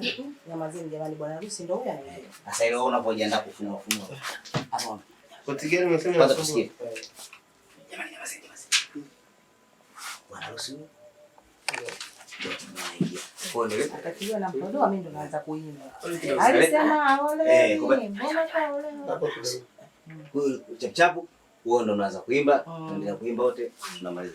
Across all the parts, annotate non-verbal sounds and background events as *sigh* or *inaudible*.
Nyamazeni eh. jamani, Jamani, ndo kuimba. Eh, chapchapu, ndo unaanza kuimba, mm. kuimba wote, tunamaliza.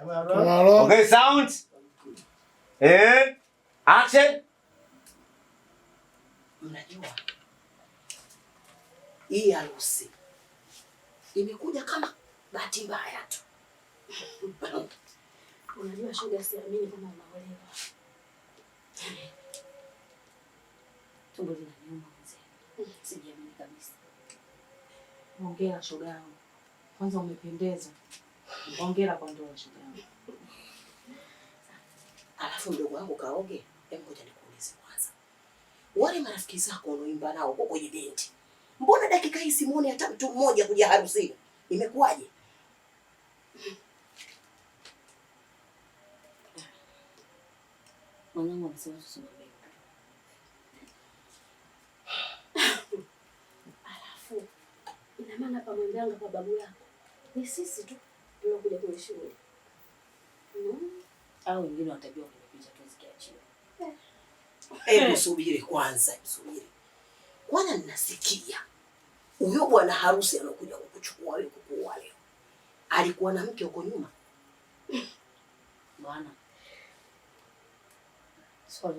Tunalo. Okay, sound. Eh? Action. Unajua? hii harusi imekuja kama bahati mbaya tu. *laughs* Unajua shoga, siamini kama unaolewa. Tumbo linaniuma mzee, sijiamini kabisa. Ongea shoga yangu, kwanza umependeza. Hongera kwa ndoa shoga yangu. Alafu mdogo wangu kaoge, hebu ngoja nikuulize kwanza. Wale marafiki zako wanaoimba nao huko kwenye bendi, mbona dakika hii simuone hata mtu mmoja kuja harusini? Imekuwaje? Mwanangu anasema sasa Alafu ina maana pamwendanga kwa babu yako ni sisi tu kuja kwenye shule au wengine watajua kwenye picha tu zikiachiwa. Eh. kwanza, kwanza. Ninasikia huyo bwana harusi anakuja kukuchukua wewe kukuoa leo, alikuwa na mke huko nyuma bwana after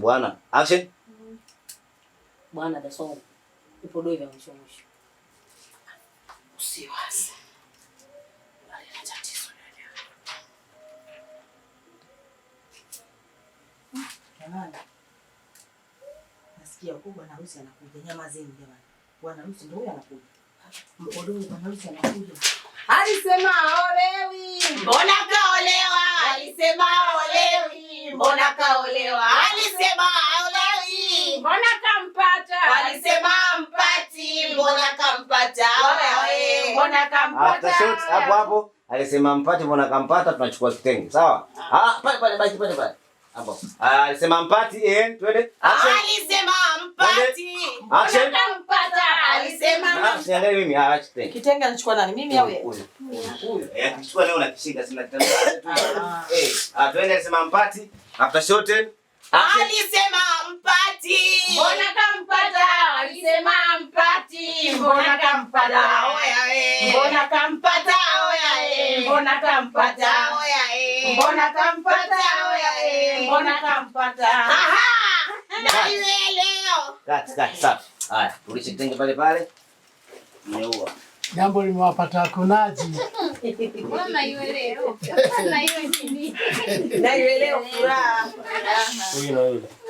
bwana, action bwana, ipo doi vya mwisho mwisho usiwaze, alina tatizo jamani. Nasikia huko bwana harusi anakuja, nyama jamani, bwana harusi ndio huyo anakuja, bwana harusi anakuja. Alisema olewi, mbona kaolewa? Alisema olewi, mbona kaolewa? Alisema olewi, mbona kampata? Alisema After ah, shots hapo hapo alisema mpate, mbona kampata, tunachukua kitenge. Sawa? Ah, ah pale pale basi pale pale. Hapo. Ah, alisema mpati eh, twende. Alisema mpati. Action. Kampata. Alisema mpati. Siangalie mimi, acha kitenge. Kitenge anachukua nani? Mimi au yeye? Huyu. Eh, akichukua leo nakishinda sina kitenge. Eh, ah, twende alisema mpati. After shot. Alisema mpati. Mbona mbona kampata oya we, eh. mbona kampata oya we, eh. mbona kampata oya we, eh. mbona kampata oya we, mbona kampata. Aha, na iwe leo kati kati. Safi, haya tulishe kitenge pale pale. Mmeua jambo limewapata kunaji naiwe oh. *laughs* leo furaha